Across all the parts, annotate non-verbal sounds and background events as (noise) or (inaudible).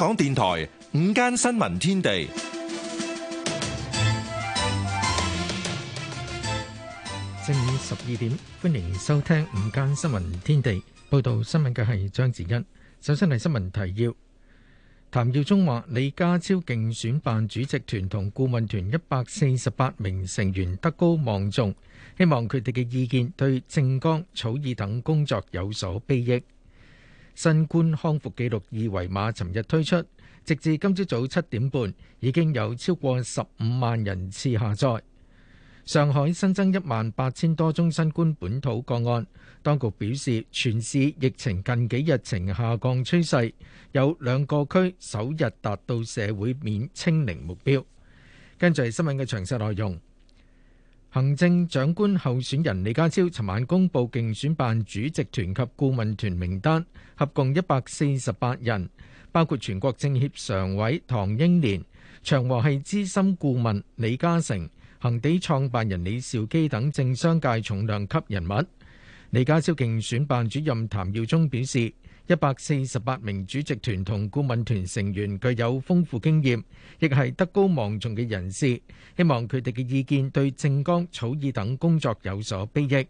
香港電台午間新聞天地，正午十二點，歡迎收聽午間新聞天地。報道新聞嘅係張子欣。首先係新聞提要：譚耀宗話李家超競選辦主席團同顧問團一百四十八名成員德高望重，希望佢哋嘅意見對政綱草擬等工作有所裨益。新冠康復記錄二維碼，尋日推出，直至今朝早七點半，已經有超過十五萬人次下載。上海新增一萬八千多宗新冠本土個案，當局表示全市疫情近幾日呈下降趨勢，有兩個區首日達到社會面清零目標。跟住係新聞嘅詳細內容。行政長官候選人李家超尋晚公布競選辦主席團及顧問團名單，合共一百四十八人，包括全國政協常委唐英年、長和系資深顧問李嘉誠、恒地創辦人李兆基等政商界重量級人物。李家超競選辦主任譚耀宗表示。一百四十八名主席團同顧問團成員具有豐富經驗，亦係德高望重嘅人士。希望佢哋嘅意見對政綱草擬等工作有所裨益。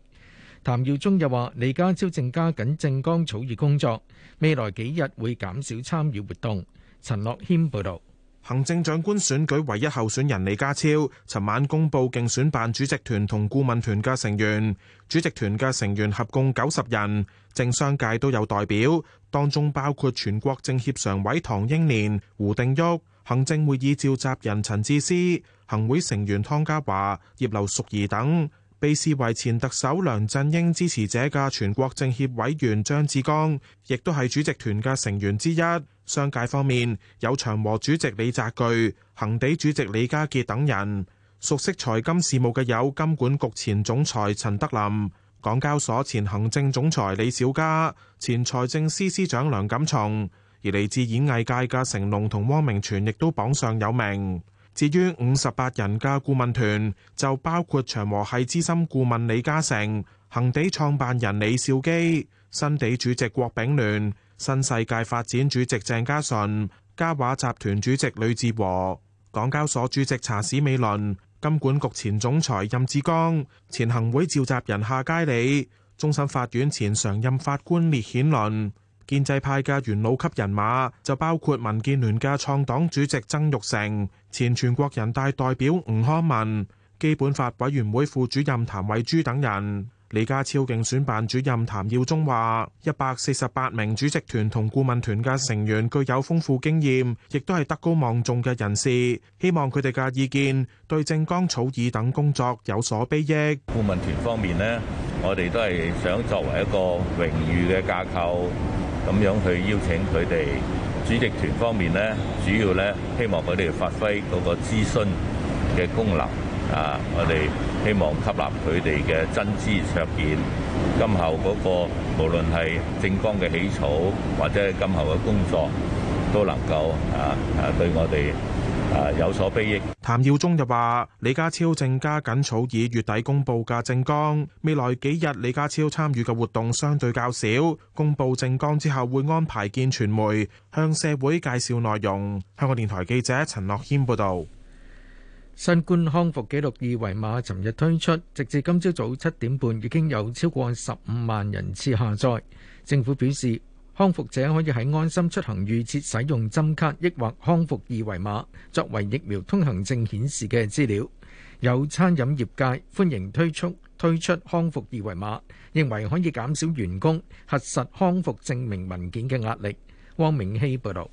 譚耀宗又話：李家超正加緊政綱草擬工作，未來幾日會減少參與活動。陳樂謙報道。行政長官選舉唯一候選人李家超，尋晚公布競選辦主席團同顧問團嘅成員。主席團嘅成員合共九十人，政商界都有代表，當中包括全國政協常委唐英年、胡定旭、行政會議召集人陳智思、行會成員湯家驊、葉劉淑儀等。被視為前特首梁振英支持者嘅全國政協委員張志剛，亦都係主席團嘅成員之一。商界方面有長和主席李澤钜、恒地主席李家傑等人。熟悉財金事務嘅有金管局前總裁陳德林、港交所前行政總裁李小加、前財政司司長梁錦松，而嚟自演藝界嘅成龍同汪明荃亦都榜上有名。至於五十八人嘅顧問團，就包括長和系資深顧問李嘉誠、恒地創辦人李兆基、新地主席郭炳聯、新世界發展主席鄭家純、嘉華集團主席呂志和、港交所主席查史美倫、金管局前總裁任志剛、前行會召集人夏佳理、終審法院前常任法官列顯倫。建制派嘅元老級人馬就包括民建聯嘅創黨主席曾鈺成、前全國人大代表吳康文、基本法委員會副主任譚惠珠等人。李家超競選辦主任譚耀宗話：一百四十八名主席團同顧問團嘅成員具有豐富經驗，亦都係德高望重嘅人士，希望佢哋嘅意見對政綱草擬等工作有所裨益。顧問團方面呢，我哋都係想作為一個榮譽嘅架構。咁樣去邀請佢哋主席團方面呢，主要呢希望佢哋發揮嗰個諮詢嘅功能啊！我哋希望吸納佢哋嘅真知灼見，今後嗰個無論係政綱嘅起草，或者係今後嘅工作，都能夠啊啊對我哋。啊！有所悲益。譚耀宗又話，李家超正加緊草擬月底公布嘅政綱，未來幾日李家超參與嘅活動相對較少。公布政綱之後會安排見傳媒，向社會介紹內容。香港電台記者陳樂謙報道。新冠康復記錄二維碼尋日推出，直至今朝早七點半，已經有超過十五萬人次下載，政府表示。康復者可以喺安心出行預設使用針卡，抑或康復二維碼作為疫苗通行證顯示嘅資料。有餐飲業界歡迎推出推出康復二維碼，認為可以減少員工核實康復證明文件嘅壓力。汪明希報導。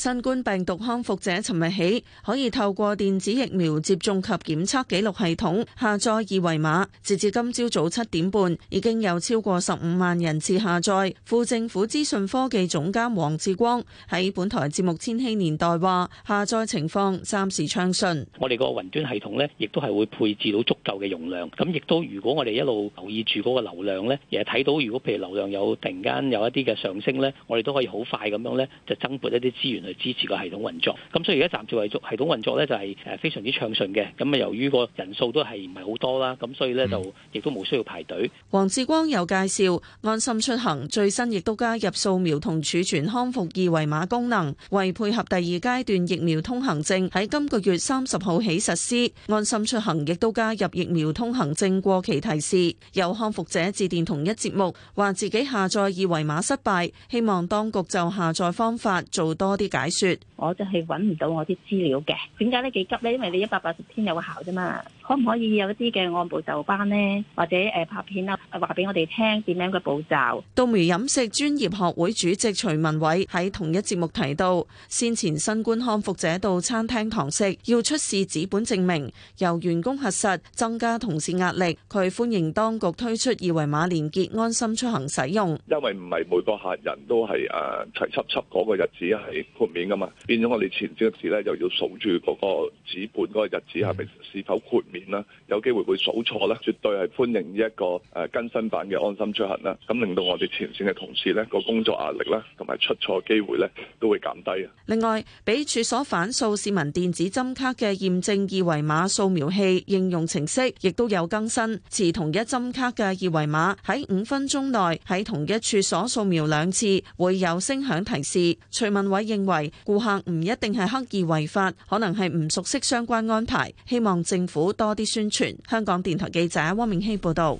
新冠病毒康復者，尋日起可以透過電子疫苗接種及檢測記錄系統下載二維碼，截至今朝早七點半，已經有超過十五萬人次下載。副政府資訊科技總監黃志光喺本台節目《千禧年代》話下載情況暫時暢順，我哋個雲端系統咧，亦都係會配置到足夠嘅容量。咁亦都，如果我哋一路留意住嗰個流量咧，亦係睇到如果譬如流量有突然間有一啲嘅上升咧，我哋都可以好快咁樣咧就增撥一啲資源。支持個系統運作，咁所以而家暫時係做系統運作呢，就係誒非常之暢順嘅。咁啊，由於個人數都係唔係好多啦，咁所以呢就亦都冇需要排隊。黃志光又介紹安心出行最新亦都加入掃描同儲存康復二維碼功能。為配合第二階段疫苗通行證喺今個月三十號起實施，安心出行亦都加入疫苗通行證過期提示。有康復者致電同一節目，話自己下載二維碼失敗，希望當局就下載方法做多啲解。解説，我就係揾唔到我啲資料嘅。點解咧？幾急咧？因為你一百八十天有效啫嘛。可唔可以有一啲嘅按部就班咧，或者誒、呃、拍片啊，話俾我哋聽點樣嘅步驟？道明飲食專業學會主席徐文偉喺同一節目提到，先前新冠康復者到餐廳堂食要出示紙本證明，由員工核實，增加同事壓力。佢歡迎當局推出二維碼連結安心出行使用，因為唔係每個客人都係誒齊輯輯嗰個日子係豁免噶嘛，變咗我哋前朝時咧又要數住嗰個紙本嗰個日子係咪是否豁免。 (music) 有機會會數錯咧，絕對係歡迎一個誒更新版嘅安心出行啦。咁令到我哋前線嘅同事咧，個工作壓力咧同埋出錯機會咧都會減低啊。另外，俾處所反掃市民電子針卡嘅驗證二維碼掃描器應用程式，亦都有更新。持同一針卡嘅二維碼喺五分鐘內喺同一處所掃描兩次，會有聲響提示。徐文偉認為顧客唔一定係刻意違法，可能係唔熟悉相關安排，希望政府多多啲宣傳。香港電台記者汪明希報道，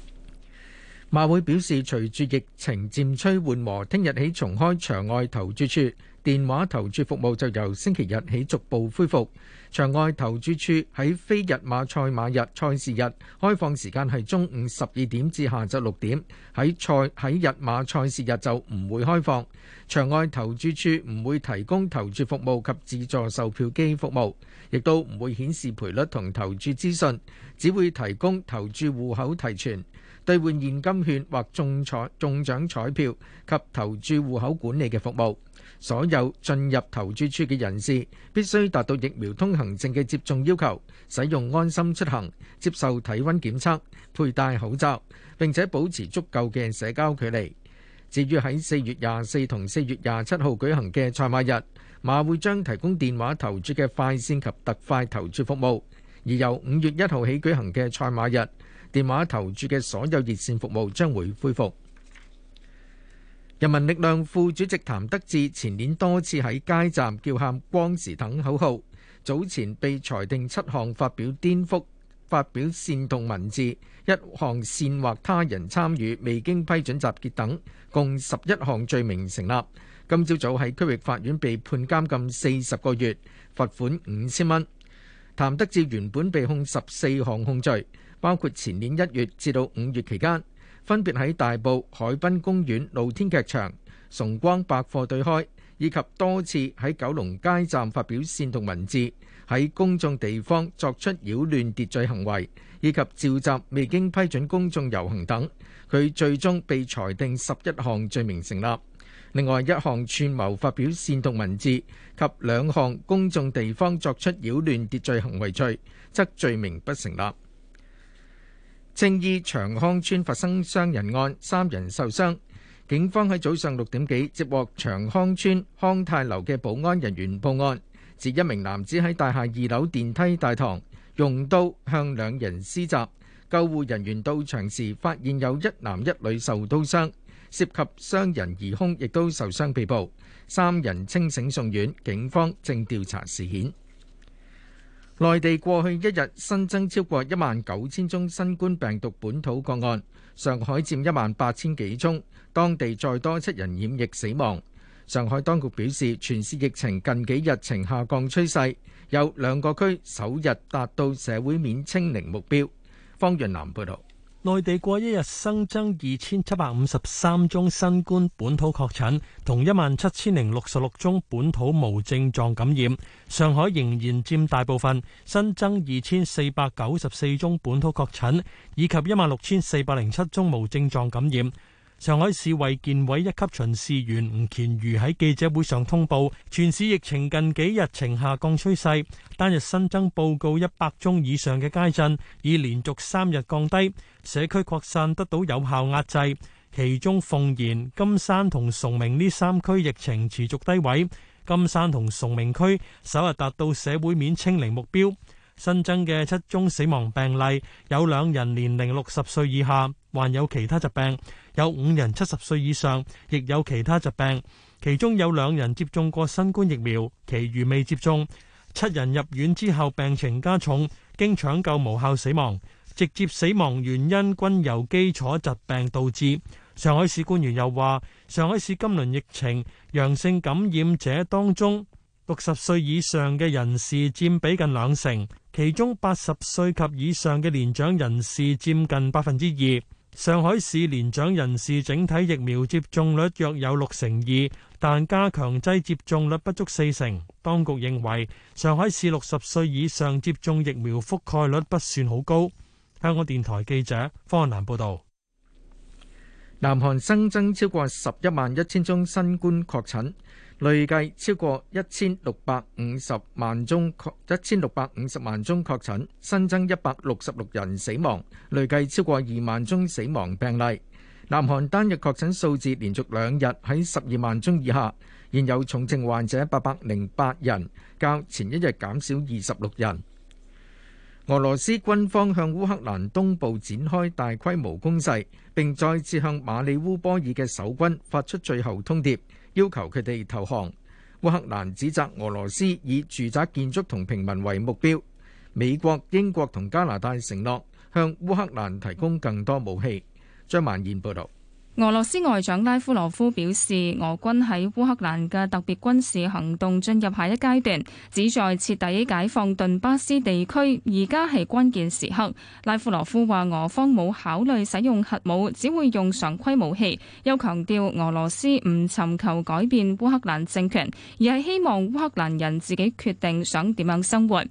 馬會表示，隨住疫情漸趨緩和，聽日起重開場外投注處。電話投注服務就由星期日起逐步恢復。場外投注處喺非日馬賽馬日賽事日，開放時間係中午十二點至下晝六點。喺賽喺日馬賽事日就唔會開放。場外投注處唔會提供投注服務及自助售票機服務，亦都唔會顯示賠率同投注資訊，只會提供投注戶口提存、兌換現金券或中彩中獎彩票及投注戶口管理嘅服務。所有進入投注處嘅人士必須達到疫苗通行證嘅接種要求，使用安心出行，接受體溫檢測，佩戴口罩，並且保持足夠嘅社交距離。至於喺四月廿四同四月廿七號舉行嘅賽馬日，馬會將提供電話投注嘅快線及特快投注服務；而由五月一號起舉行嘅賽馬日，電話投注嘅所有熱線服務將會恢復。人民力量副主席譚德志前年多次喺街站叫喊“光時等”口號，早前被裁定七項發表顛覆、發表煽動文字、一項煽惑他人參與未經批准集結等，共十一項罪名成立。今朝早喺區域法院被判監禁四十個月，罰款五千蚊。譚德志原本被控十四項控罪，包括前年一月至到五月期間。分別喺大埔海濱公園露天劇場、崇光百貨對開，以及多次喺九龍街站發表煽動文字，喺公眾地方作出擾亂秩序行為，以及召集未經批准公眾遊行等，佢最終被裁定十一項罪名成立。另外，一項串謀發表煽動文字及兩項公眾地方作出擾亂秩序行為罪，則罪名不成立。青衣長康村發生傷人案，三人受傷。警方喺早上六點幾接獲長康村康泰樓嘅保安人員報案，指一名男子喺大廈二樓電梯大堂用刀向兩人施襲。救護人員到場時發現有一男一女受刀傷，涉及傷人疑兇亦都受傷被捕。三人清醒送院，警方正調查事件。內地過去一日新增超過一萬九千宗新冠病毒本土個案，上海佔一萬八千幾宗，當地再多七人染疫死亡。上海當局表示，全市疫情近幾日呈下降趨勢，有兩個區首日達到社會面清零目標。方潤南報道。內地過一日新增二千七百五十三宗新冠本土確診，同一萬七千零六十六宗本土無症狀感染。上海仍然佔大部分，新增二千四百九十四宗本土確診以及一萬六千四百零七宗無症狀感染。上海市衛健委一級巡視員吳乾渝喺記者會上通報，全市疫情近幾日呈下降趨勢，單日新增報告一百宗以上嘅街鎮已連續三日降低。社區擴散得到有效壓制，其中奉賢、金山同崇明呢三區疫情持續低位。金山同崇明區首日達到社會面清零目標。新增嘅七宗死亡病例，有兩人年齡六十歲以下，患有其他疾病；有五人七十歲以上，亦有其他疾病。其中有兩人接種過新冠疫苗，其餘未接種。七人入院之後病情加重，經搶救無效死亡。直接死亡原因均由基礎疾病導致。上海市官員又話，上海市今輪疫情陽性感染者當中，六十歲以上嘅人士佔比近兩成，其中八十歲及以上嘅年長人士佔近百分之二。上海市年長人士整體疫苗接種率約有六成二，但加強劑接種率不足四成。當局認為上海市六十歲以上接種疫苗覆蓋率不算好高。香港電台記者方翰報道，南韓新增超過十一萬一千宗新冠確診，累計超過一千六百五十萬宗，一千六百五十萬宗確診，新增一百六十六人死亡，累計超過二萬宗死亡病例。南韓單日確診數字連續兩日喺十二萬宗以下，現有重症患者八百零八人，較前一日減少二十六人。俄羅斯軍方向烏克蘭東部展開大規模攻勢，並再次向馬里烏波爾嘅守軍發出最後通牒，要求佢哋投降。烏克蘭指責俄羅斯以住宅建築同平民為目標。美國、英國同加拿大承諾向烏克蘭提供更多武器。張萬燕報道。俄羅斯外長拉夫羅夫表示，俄軍喺烏克蘭嘅特別軍事行動進入下一階段，旨在徹底解放頓巴斯地區。而家係關鍵時刻，拉夫羅夫話俄方冇考慮使用核武，只會用常規武器。又強調俄羅斯唔尋求改變烏克蘭政權，而係希望烏克蘭人自己決定想點樣生活。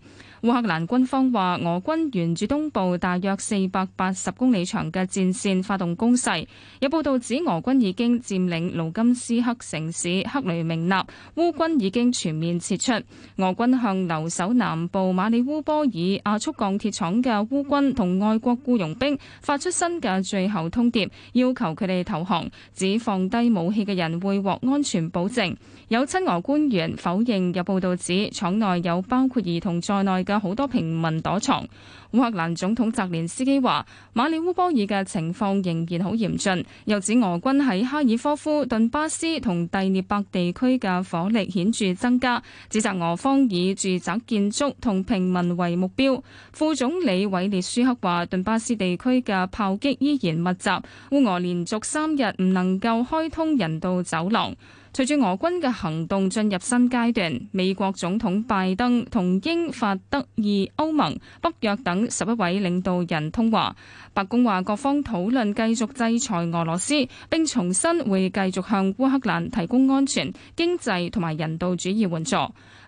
烏克蘭軍方話，俄軍沿住東部大約四百八十公里長嘅戰線發動攻勢。有報道指，俄軍已經佔領盧甘斯克城市克雷明納，烏軍已經全面撤出。俄軍向留守南部馬里烏波爾亞速鋼鐵廠嘅烏軍同外國僱傭兵發出新嘅最後通牒，要求佢哋投降，指放低武器嘅人會獲安全保證。有親俄官員否認有報道指廠內有包括兒童在內。嘅好多平民躲藏。烏克蘭總統澤連斯基話，馬里烏波爾嘅情況仍然好嚴峻，又指俄軍喺哈爾科夫、頓巴斯同第聶伯地區嘅火力顯著增加，指責俄方以住宅建築同平民為目標。副總理韋列舒克話，頓巴斯地區嘅炮擊依然密集，烏俄連續三日唔能夠開通人道走廊。隨住俄軍嘅行動進入新階段，美國總統拜登同英法德意歐盟、北約等十一位領導人通話。白宮話各方討論繼續制裁俄羅斯，並重申會繼續向烏克蘭提供安全、經濟同埋人道主義援助。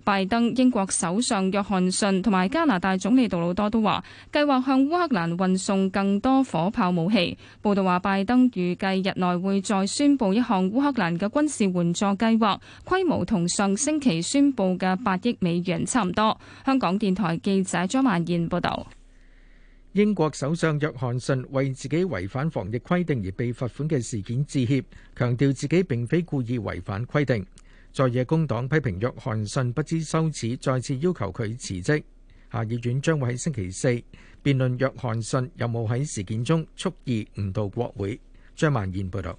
拜登、英國首相約翰遜同埋加拿大總理杜魯多都話計劃向烏克蘭運送更多火炮武器。報道話拜登預計日內會再宣布一項烏克蘭嘅軍事援助計劃，規模同上星期宣布嘅八億美元差唔多。香港電台記者張曼燕報道。英國首相約翰遜為自己違反防疫規定而被罰款嘅事件致歉，強調自己並非故意違反規定。在野工黨批評約翰遜不知羞恥，再次要求佢辭職。下議院將會喺星期四辯論約翰遜有冇喺事件中蓄意誤導國會。張曼燕報道。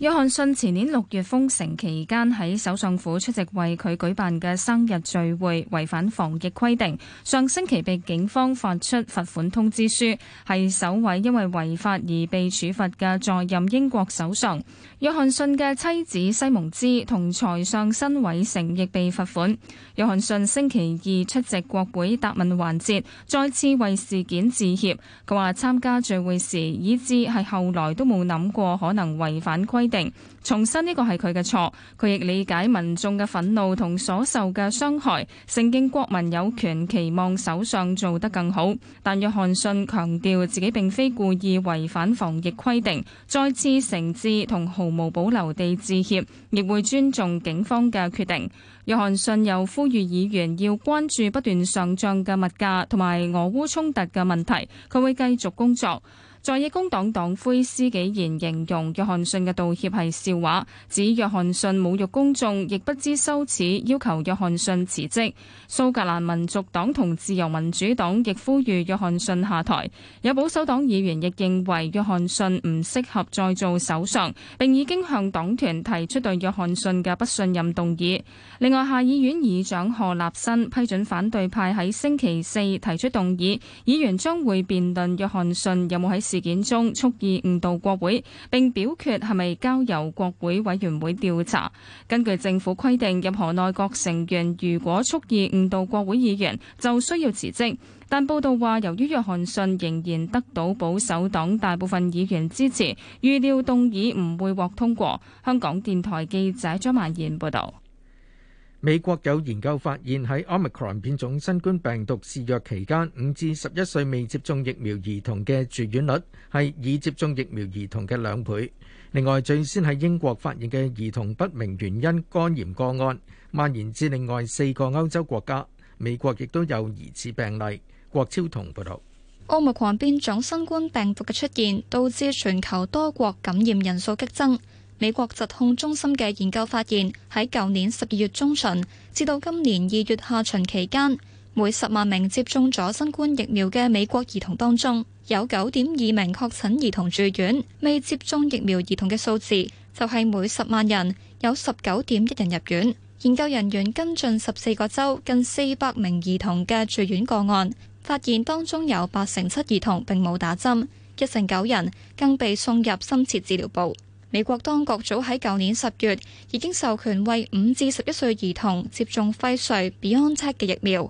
約翰遜前年六月封城期間喺首相府出席為佢舉辦嘅生日聚會，違反防疫規定，上星期被警方發出罰款通知書，係首位因為違法而被處罰嘅在任英國首相。約翰遜嘅妻子西蒙茲同財相辛偉誠亦被罰款。約翰遜星期二出席國會答問環節，再次為事件致歉。佢話參加聚會時以至係後來都冇諗過可能違反規定。定重申呢個係佢嘅錯，佢亦理解民眾嘅憤怒同所受嘅傷害，承認國民有權期望首相做得更好。但約翰遜強調自己並非故意違反防疫規定，再次誠摯同毫無保留地致歉，亦會尊重警方嘅決定。約翰遜又呼籲議員要關注不斷上漲嘅物價同埋俄烏衝突嘅問題，佢會繼續工作。在野工黨黨魁施紀賢形容約翰遜嘅道歉係笑話，指約翰遜侮辱公眾，亦不知羞恥，要求約翰遜辭職。蘇格蘭民族黨同自由民主黨亦呼籲約翰遜下台。有保守黨議員亦認為約翰遜唔適合再做首相，並已經向黨團提出對約翰遜嘅不信任動議。另外，下議院議長何立新批准反對派喺星期四提出動議，議員將會辯論約翰遜有冇喺事件中蓄意誤導國會，並表決係咪交由國會委員會調查。根據政府規定，任何內閣成員如果蓄意誤導國會議員，就需要辭職。但報道話，由於約翰遜仍然得到保守黨大部分議員支持，預料動議唔會獲通過。香港電台記者張曼燕報道。美國有研究發現，喺 Omicron 變種新冠病毒肆虐期間，五至十一歲未接種疫苗兒童嘅住院率係已接種疫苗兒童嘅兩倍。另外，最先喺英國發現嘅兒童不明原因肝炎個案，蔓延至另外四個歐洲國家。美國亦都有疑似病例。郭超彤報道：Omicron 變種新冠病毒嘅出現，導致全球多國感染人數激增。美國疾控中心嘅研究發現，喺舊年十二月中旬至到今年二月下旬期間，每十萬名接種咗新冠疫苗嘅美國兒童當中，有九點二名確診兒童住院。未接種疫苗兒童嘅數字就係每十萬人有十九點一人入院。研究人員跟進十四個州近四百名兒童嘅住院個案，發現當中有八成七兒童並冇打針，一成九人更被送入深切治療部。美國當局早喺舊年十月已經授權為五至十一歲兒童接種輝瑞、比安策嘅疫苗，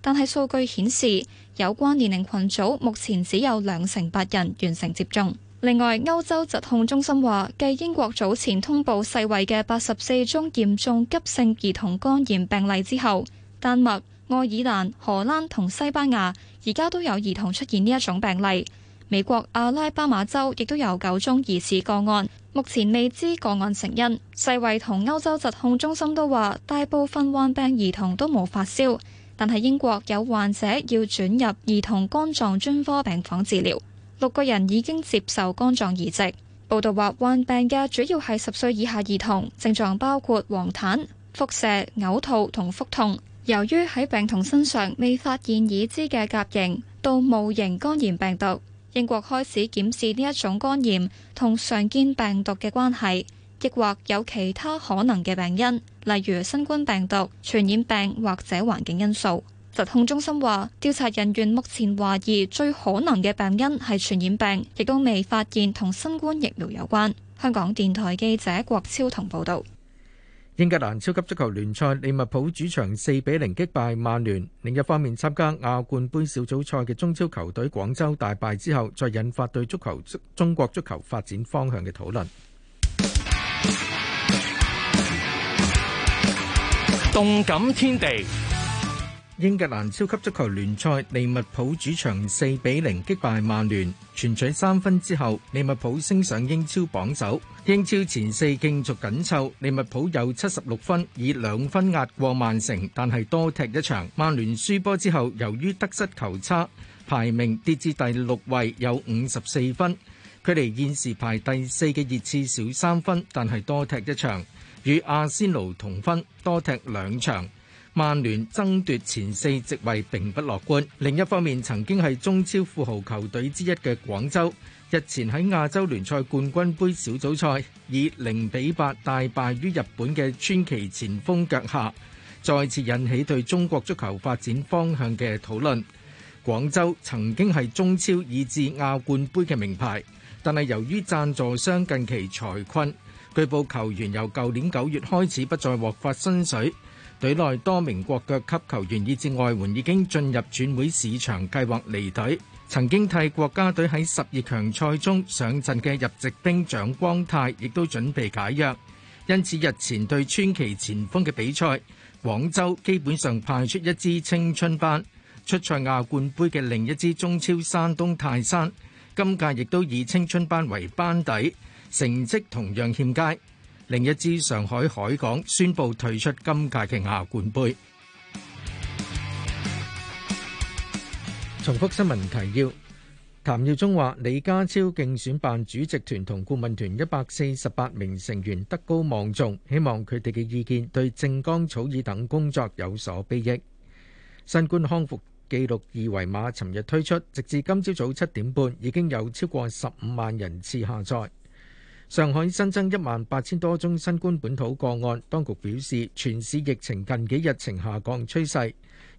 但係數據顯示有關年齡群組目前只有兩成八人完成接種。另外，歐洲疾控中心話，繼英國早前通報世衛嘅八十四宗嚴重急性兒童肝炎病例之後，丹麥、愛爾蘭、荷蘭同西班牙而家都有兒童出現呢一種病例。美國阿拉巴馬州亦都有九宗疑似個案，目前未知個案成因。世衛同歐洲疾控中心都話，大部分患病兒童都冇發燒，但係英國有患者要轉入兒童肝臟專科病房治療。六個人已經接受肝臟移植。報道話，患病嘅主要係十歲以下兒童，症狀包括黃疸、腹瀉、嘔吐同腹痛。由於喺病童身上未發現已知嘅甲型到戊型肝炎病毒。英國開始檢視呢一種肝炎同常見病毒嘅關係，抑或有其他可能嘅病因，例如新冠病毒、傳染病或者環境因素。疾控中心話，調查人員目前懷疑最可能嘅病因係傳染病，亦都未發現同新冠疫苗有關。香港電台記者郭超同報道。英格蘭超級足球聯賽，利物浦主場四比零擊敗曼聯。另一方面，參加亞冠盃小組賽嘅中超球隊廣州大敗之後，再引發對足球、中國足球發展方向嘅討論。動感天地。英格蘭超級足球聯賽，利物浦主場四比零擊敗曼聯，全取三分之後，利物浦升上英超榜首。英超前四競逐緊湊，利物浦有七十六分，以兩分壓過曼城，但係多踢一場。曼聯輸波之後，由於得失球差，排名跌至第六位，有五十四分，距離現時排第四嘅熱刺少三分，但係多踢一場，與阿仙奴同分，多踢兩場。曼聯爭奪前四席位並不樂觀。另一方面，曾經係中超富豪球隊之一嘅廣州，日前喺亞洲聯賽冠軍杯小組賽以零比八大敗於日本嘅川崎前鋒腳下，再次引起對中國足球發展方向嘅討論。廣州曾經係中超以至亞冠杯嘅名牌，但係由於贊助商近期財困，據報球員由舊年九月開始不再獲發薪水。隊內多名國腳級球員以至外援已經進入轉會市場，計劃離隊。曾經替國家隊喺十二強賽中上陣嘅入籍兵蔣光太，亦都準備解約。因此日前對川崎前鋒嘅比賽，廣州基本上派出一支青春班。出賽亞冠杯嘅另一支中超山東泰山，今屆亦都以青春班為班底，成績同樣欠佳。另一支上海海港宣布退出今屆嘅亞冠杯。重複新聞提要。譚耀宗話：李家超競選辦主席團同顧問團一百四十八名成員德高望重，希望佢哋嘅意見對政綱草擬等工作有所裨益。新冠康復記錄二維碼，尋日推出，直至今朝早七點半已經有超過十五萬人次下載。上海新增一萬八千多宗新冠本土個案，當局表示全市疫情近幾日呈下降趨勢，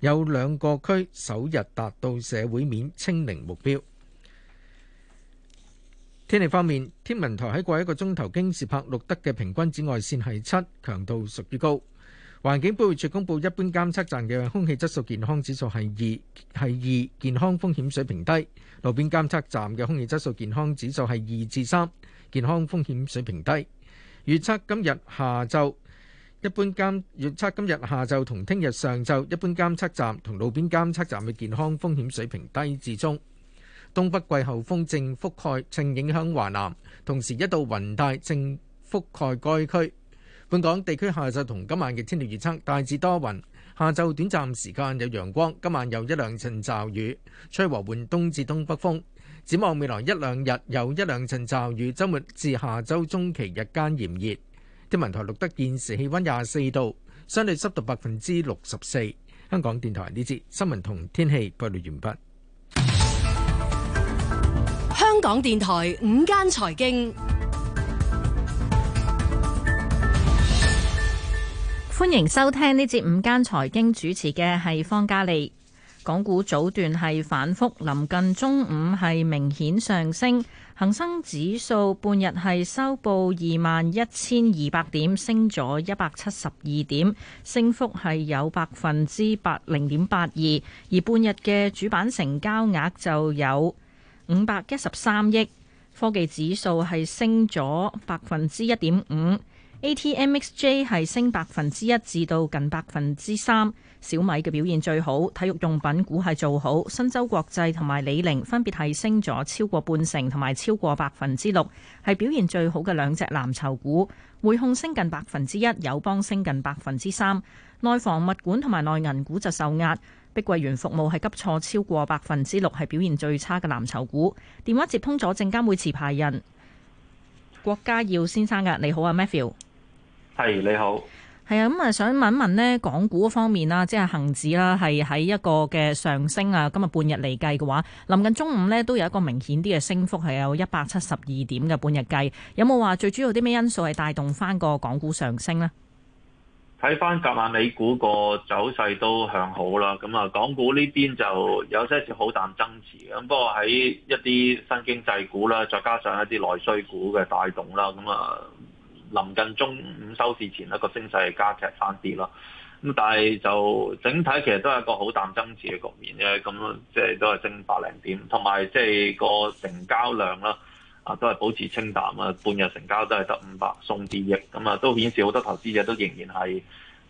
有兩個區首日達到社會面清零目標。天氣方面，天文台喺過一個鐘頭京士柏錄得嘅平均紫外線係七強度，屬於高。環境保護署公布一般監測站嘅空氣質素健康指數係二係二，健康風險水平低。路邊監測站嘅空氣質素健康指數係二至三。健康風險水平低，預測今日下晝一般監；預測今日下晝同聽日上晝一般監測站同路邊監測站嘅健康風險水平低至中。東北季候風正覆蓋，正影響華南，同時一道雲帶正覆蓋該區。本港地區下晝同今晚嘅天氣預測大致多雲，下晝短暫時間有陽光，今晚有一兩陣驟雨，吹和緩東至東北風。展望未來一兩日有一兩陣驟雨，週末至下週中期日間炎熱。天文台錄得現時氣温廿四度，相對濕度百分之六十四。香港電台呢節新聞同天氣報導完畢。香港電台午間財經，歡迎收聽呢節午間財經，主持嘅係方嘉莉。港股早段係反覆臨近中午係明顯上升，恒生指數半日係收報二萬一千二百點，升咗一百七十二點，升幅係有百分之八零點八二。而半日嘅主板成交額就有五百一十三億，科技指數係升咗百分之一點五。A.T.M.X.J 係升百分之一至到近百分之三，小米嘅表現最好。體育用品股係做好，申洲國際同埋李寧分別係升咗超過半成同埋超過百分之六，係表現最好嘅兩隻藍籌股。匯控升近百分之一，友邦升近百分之三。內房物管同埋內銀股就受壓，碧桂園服務係急挫超過百分之六，係表現最差嘅藍籌股。電話接通咗證監會持牌人郭家耀先生嘅，你好啊，Matthew。係、hey, 你好，係啊，咁啊，想問一問呢，港股方面啦，即係恒指啦，係喺一個嘅上升啊，今日半日嚟計嘅話，臨近中午呢都有一個明顯啲嘅升幅，係有一百七十二點嘅半日計，有冇話最主要啲咩因素係帶動翻個港股上升呢？睇翻隔晚美股個走勢都向好啦，咁啊，港股呢邊就有些少好淡爭持，咁不過喺一啲新經濟股啦，再加上一啲內需股嘅帶動啦，咁、嗯、啊。臨近中午收市前一個升勢加劇翻啲咯，咁但係就整體其實都係一個好淡爭持嘅局面嘅，咁即係都係升百零點，同埋即係個成交量啦，啊都係保持清淡啊，半日成交都係得五百鬆啲億，咁啊都顯示好多投資者都仍然係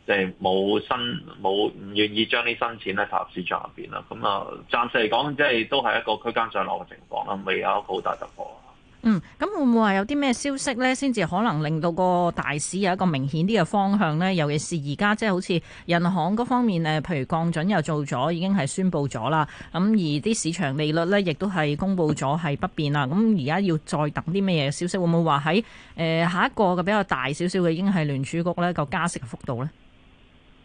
即係冇新冇唔願意將啲新錢咧投入市場入邊啦，咁啊暫時嚟講即係都係一個區間上落嘅情況啦，未有一個好大突破。嗯，咁會唔會話有啲咩消息呢？先至可能令到個大市有一個明顯啲嘅方向呢？尤其是而家即係好似人行嗰方面誒，譬如降準又做咗，已經係宣布咗啦。咁而啲市場利率呢，亦都係公布咗係不變啦。咁而家要再等啲咩嘢消息？會唔會話喺誒下一個嘅比較大少少嘅已經係聯儲局呢？個加息幅度呢？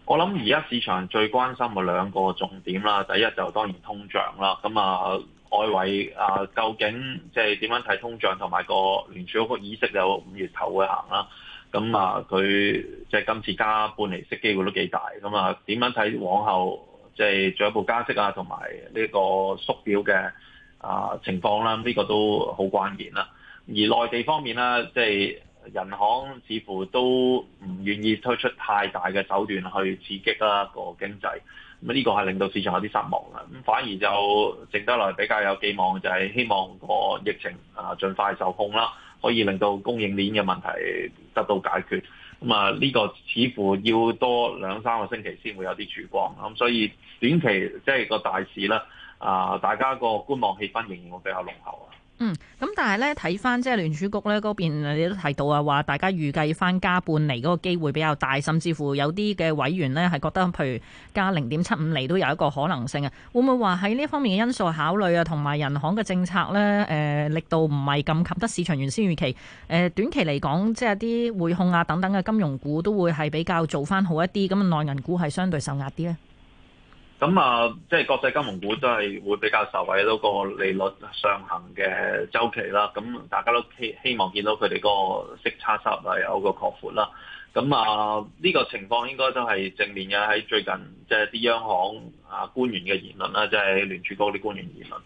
我諗而家市場最關心嘅兩個重點啦，第一就當然通脹啦。咁啊。外圍啊，究竟即係點樣睇通脹同埋個聯儲局議息，有五月頭會行啦，咁啊佢即係今次加半厘息機會都幾大。咁啊點樣睇往後即係進一步加息啊同埋呢個縮表嘅啊情況啦、啊，呢、呢個都好關鍵啦、啊。而內地方面啦，即係銀行似乎都唔願意推出太大嘅手段去刺激啦、啊那個經濟。咁呢個係令到市場有啲失望啦，咁反而就剩得嚟比較有寄望，就係希望個疫情啊盡快受控啦，可以令到供應鏈嘅問題得到解決。咁啊，呢個似乎要多兩三個星期先會有啲曙光。咁所以短期即係個大市啦，啊大家個觀望氣氛仍然會比較濃厚。嗯，咁但係咧睇翻即係聯儲局咧嗰邊，邊你都提到啊，話大家預計翻加半厘嗰個機會比較大，甚至乎有啲嘅委員呢係覺得，譬如加零點七五厘都有一個可能性啊。會唔會話喺呢方面嘅因素考慮啊，同埋人行嘅政策呢，誒、呃、力度唔係咁及得市場原先預期，誒、呃，短期嚟講，即係啲匯控啊等等嘅金融股都會係比較做翻好一啲，咁啊，內銀股係相對受壓啲呢。咁啊，即係國際金融股都係會比較受惠到個利率上行嘅周期啦。咁大家都希希望見到佢哋個息差差啊有個擴闊啦。咁啊，呢個情況應該都係正面嘅喺最近，即係啲央行啊官員嘅言論啦，即係聯儲局啲官員言論。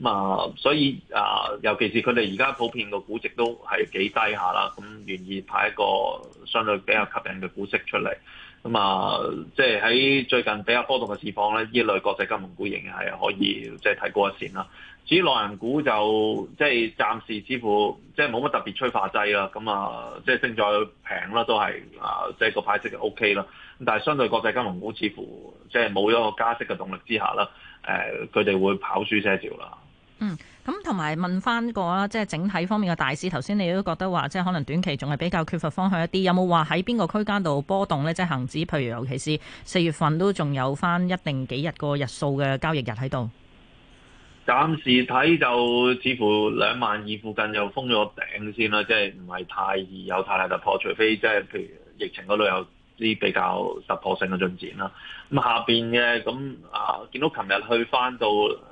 咁啊，所以啊，尤其是佢哋而家普遍個估值都係幾低下啦，咁願意派一個相對比較吸引嘅股息出嚟。咁啊，即係喺最近比較波動嘅市況咧，呢類國際金融股仍然係可以即係睇高一線啦。至於內銀股就即係暫時似乎即係冇乜特別催化劑啦。咁啊，即係升在平啦，都係啊，即係個派息就 OK 啦。咁但係相對國際金融股似乎即係冇咗個加息嘅動力之下啦，誒，佢哋會跑輸些少啦。嗯。咁同埋問翻個啦，即係整體方面嘅大市，頭先你都覺得話，即係可能短期仲係比較缺乏方向一啲，有冇話喺邊個區間度波動呢？即係恆指，譬如尤其是四月份都仲有翻一定幾日個日數嘅交易日喺度。暫時睇就似乎兩萬二附近又封咗頂先啦，即係唔係太易有太大突破，除非即係譬如疫情嗰度有啲比較突破性嘅進展啦。咁下邊嘅咁啊，見到琴日去翻到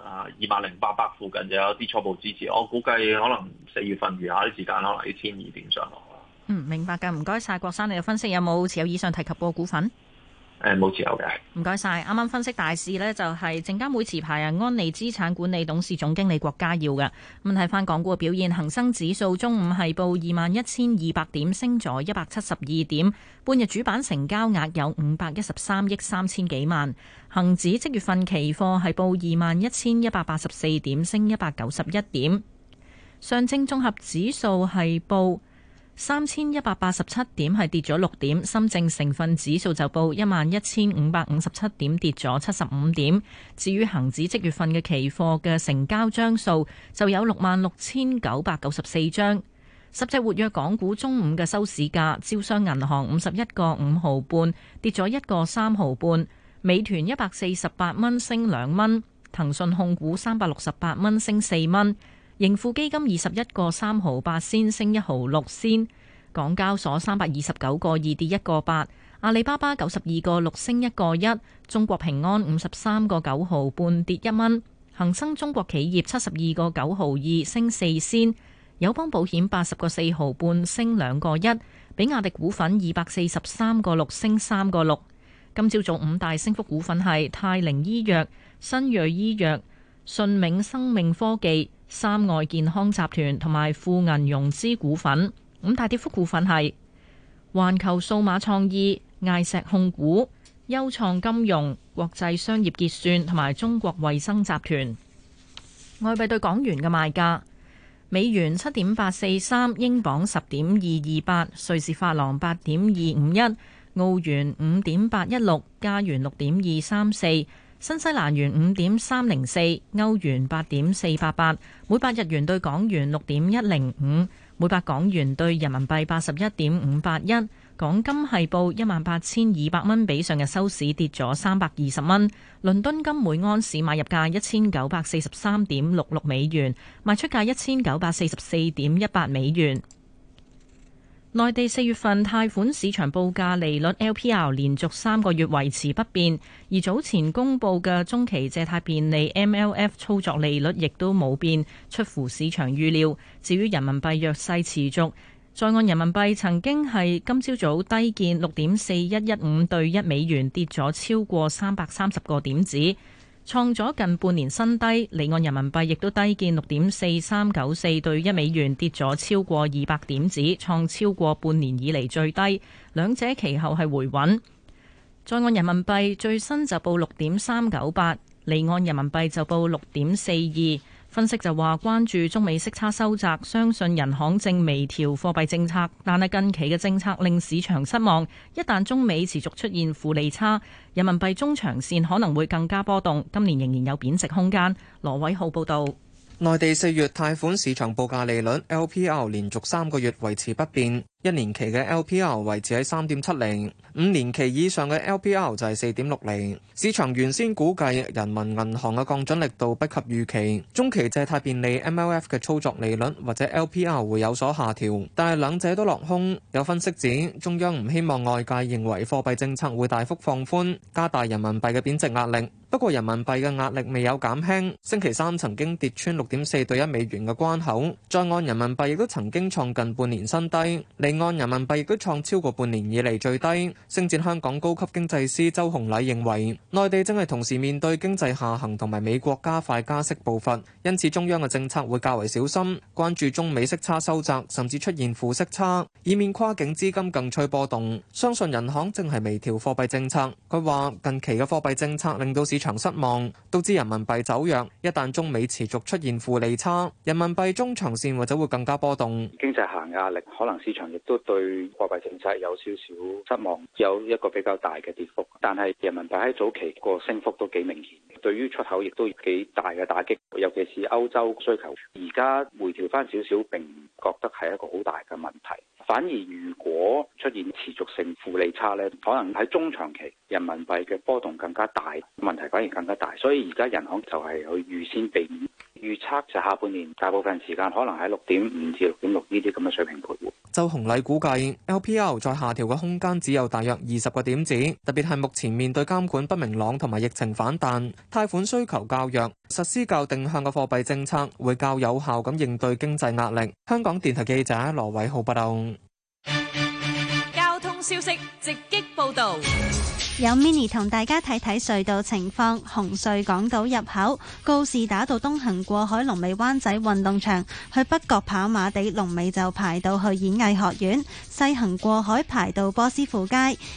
啊二萬零八百附近，就有啲初步支持。我估計可能四月份餘下啲時間，可能一千二點上落。嗯，明白㗎。唔該晒郭生，你嘅分析，有冇持有以上提及過股份？誒，冇自由嘅。唔該晒，啱啱分析大市呢、就是，就係證監會持牌人，安利資產管理董事總經理郭家耀嘅。咁睇翻港股嘅表現，恒生指數中午係報二萬一千二百點，升咗一百七十二點。半日主板成交額有五百一十三億三千幾萬。恒指即月份期貨係報二萬一千一百八十四點，升一百九十一點。上證綜合指數係報。三千一百八十七點係跌咗六點，深證成分指數就報一萬一千五百五十七點，跌咗七十五點。至於恒指即月份嘅期貨嘅成交張數，就有六萬六千九百九十四張。十隻活躍港股中午嘅收市價，招商銀行五十一個五毫半，跌咗一個三毫半；美團一百四十八蚊升兩蚊，騰訊控股三百六十八蚊升四蚊。盈富基金二十一個三毫八仙升一毫六仙，港交所三百二十九個二跌一個八，阿里巴巴九十二個六升一個一，中國平安五十三個九毫半跌一蚊，恒生中國企業七十二個九毫二升四仙，友邦保險八十個四毫半升兩個一，比亞迪股份二百四十三個六升三個六。今朝早五大升幅股份係泰寧醫藥、新銳醫藥、順明生命科技、三愛健康集團同埋富銀融資股份，五大跌幅股份係環球數碼創意、艾石控股、優創金融、國際商業結算同埋中國衛生集團。外幣對港元嘅賣價：美元七點八四三，英鎊十點二二八，瑞士法郎八點二五一，澳元五點八一六，加元六點二三四。新西蘭元五點三零四，歐元八點四八八，每百日元對港元六點一零五，每百港元對人民幣八十一點五八一。港金係報一萬八千二百蚊，比上日收市跌咗三百二十蚊。倫敦金每盎司買入價一千九百四十三點六六美元，賣出價一千九百四十四點一八美元。內地四月份貸款市場報價利率 LPR 連續三個月維持不變，而早前公布嘅中期借貸便利 MLF 操作利率亦都冇變，出乎市場預料。至於人民幣弱勢持續，在岸人民幣曾經係今朝早，早低見六點四一一五對一美元，跌咗超過三百三十個點子。創咗近半年新低，離岸人民幣亦都低見六點四三九四對一美元，跌咗超過二百點子，創超過半年以嚟最低。兩者其後係回穩，在岸人民幣最新就報六點三九八，離岸人民幣就報六點四二。分析就話關注中美息差收窄，相信人行正微調貨幣政策，但係近期嘅政策令市場失望。一旦中美持續出現負利差，人民幣中長線可能會更加波動。今年仍然有貶值空間。羅偉浩報導，內地四月貸款市場報價利率 LPR 連續三個月維持不變。一年期嘅 LPR 維持喺三點七零，五年期以上嘅 LPR 就係四點六零。市場原先估計，人民銀行嘅降準力度不及預期，中期借貸便利 MLF 嘅操作利率或者 LPR 會有所下調，但係兩者都落空。有分析指，中央唔希望外界認為貨幣政策會大幅放寬，加大人民幣嘅貶值壓力。不過人民幣嘅壓力未有減輕，星期三曾經跌穿六點四兌一美元嘅關口，在岸人民幣亦都曾經創近半年新低。另按人民幣都創超過半年以嚟最低。星展香港高級經濟師周鴻禮認為，內地正係同時面對經濟下行同埋美國加快加息步伐，因此中央嘅政策會較為小心，關注中美息差收窄，甚至出現負息差，以免跨境資金更趨波動，相信人行正係微調貨幣政策。佢話近期嘅貨幣政策令到市場失望，導致人民幣走弱。一旦中美持續出現負利差，人民幣中長線或者會更加波動，經濟下行壓力可能市場。都對貨幣政策有少少失望，有一個比較大嘅跌幅。但係人民幣喺早期個升幅都幾明顯，對於出口亦都幾大嘅打擊。尤其是歐洲需求而家回調返少少，並唔覺得係一個好大嘅問題。反而如果出現持續性負利差，呢可能喺中長期人民幣嘅波動更加大，問題反而更加大。所以而家人行就係去預先避免。預測就下半年大部分時間可能喺六點五至六點六呢啲咁嘅水平徘徊。周雄禮估計 LPR 再下調嘅空間只有大約二十個點子，特別係目前面對監管不明朗同埋疫情反彈，貸款需求較弱，實施較定向嘅貨幣政策會較有效咁應對經濟壓力。香港電台記者羅偉浩報道。交通消息直擊報道。有 mini 同大家睇睇隧道情況，紅隧港島入口、告士打道東行過海龍尾灣仔運動場去北角跑馬地龍尾就排到去演藝學院，西行過海排到波斯富街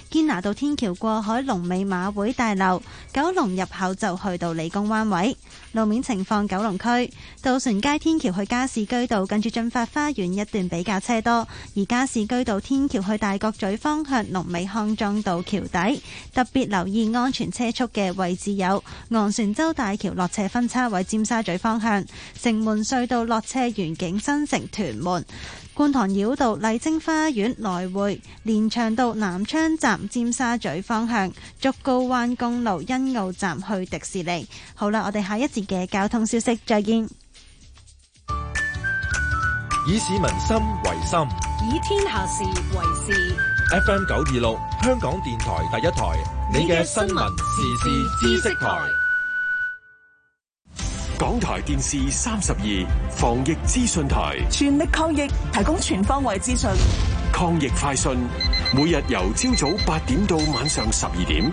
堅拿道天橋過海龍尾馬會大樓，九龍入口就去到理工灣位路面情況，九龍區渡船街天橋去嘉士居道跟住進發花園一段比較車多，而嘉士居道天橋去大角咀方向龍尾康莊道橋底。特別留意安全車速嘅位置有昂船洲大橋落斜分叉位、尖沙咀方向、城門隧道落斜、元景新城屯門、觀塘繞道麗晶花園來回、連翔道南昌站、尖沙咀方向、竹篙灣公路欣澳站去迪士尼。好啦，我哋下一節嘅交通消息再見。以市民心為心，以天下事為事。FM 九二六，香港電台第一台，你嘅新聞時事知識台，港台電視三十二防疫資訊台，全力抗疫，提供全方位資訊，抗疫快訊。每日由朝早八點到晚上十二點，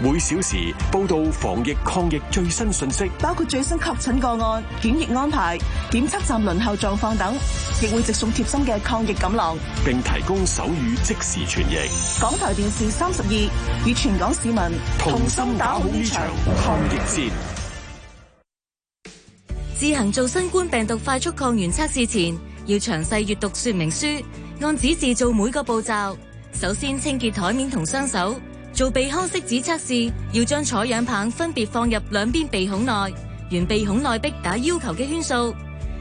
每小時報道防疫抗疫最新信息，包括最新確診個案、檢疫安排、檢測站輪候狀況等，亦會直送貼心嘅抗疫錦囊，並提供手語即時傳譯。港台電視三十二與全港市民同心打好呢場抗疫戰。自行做新冠病毒快速抗原測試前，要詳細閱讀說明書，按指示做每個步驟。首先清潔台面同雙手，做鼻腔拭子測試。要將採樣棒分別放入兩邊鼻孔內，沿鼻孔內壁打要求嘅圈數。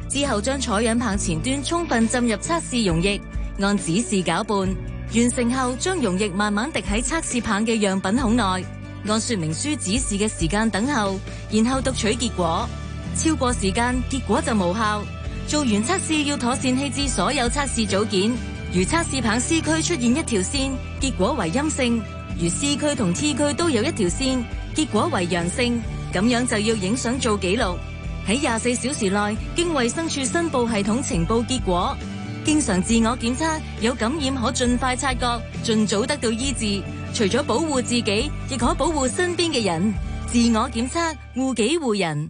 之後將採樣棒前端充分浸入測試溶液，按指示攪拌。完成後將溶液慢慢滴喺測試棒嘅樣品孔內，按說明書指示嘅時間等候，然後讀取結果。超過時間結果就無效。做完測試要妥善棄置所有測試組件。如測試棒 C 區出現一條線，結果為陰性；如 C 區同 T 區都有一條線，結果為陽性。咁樣就要影相做記錄，喺廿四小時內經衛生署申報系統呈報結果。經常自我檢測，有感染可盡快察覺，盡早得到醫治。除咗保護自己，亦可保護身邊嘅人。自我檢測，護己護人。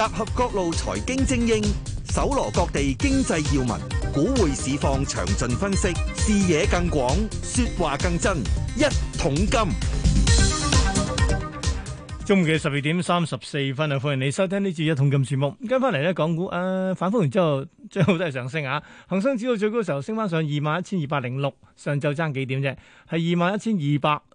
集合各路財經精英，搜羅各地經濟要聞，股匯市況詳盡分析，視野更廣，說話更真。一桶金，中午嘅十二點三十四分啊！歡迎你收聽呢節《一桶金》節目。跟翻嚟咧，港股啊，反覆完之後，最後都係上升啊！恆生指數最高嘅時候升翻上二萬一千二百零六，上晝爭幾點啫？係二萬一千二百。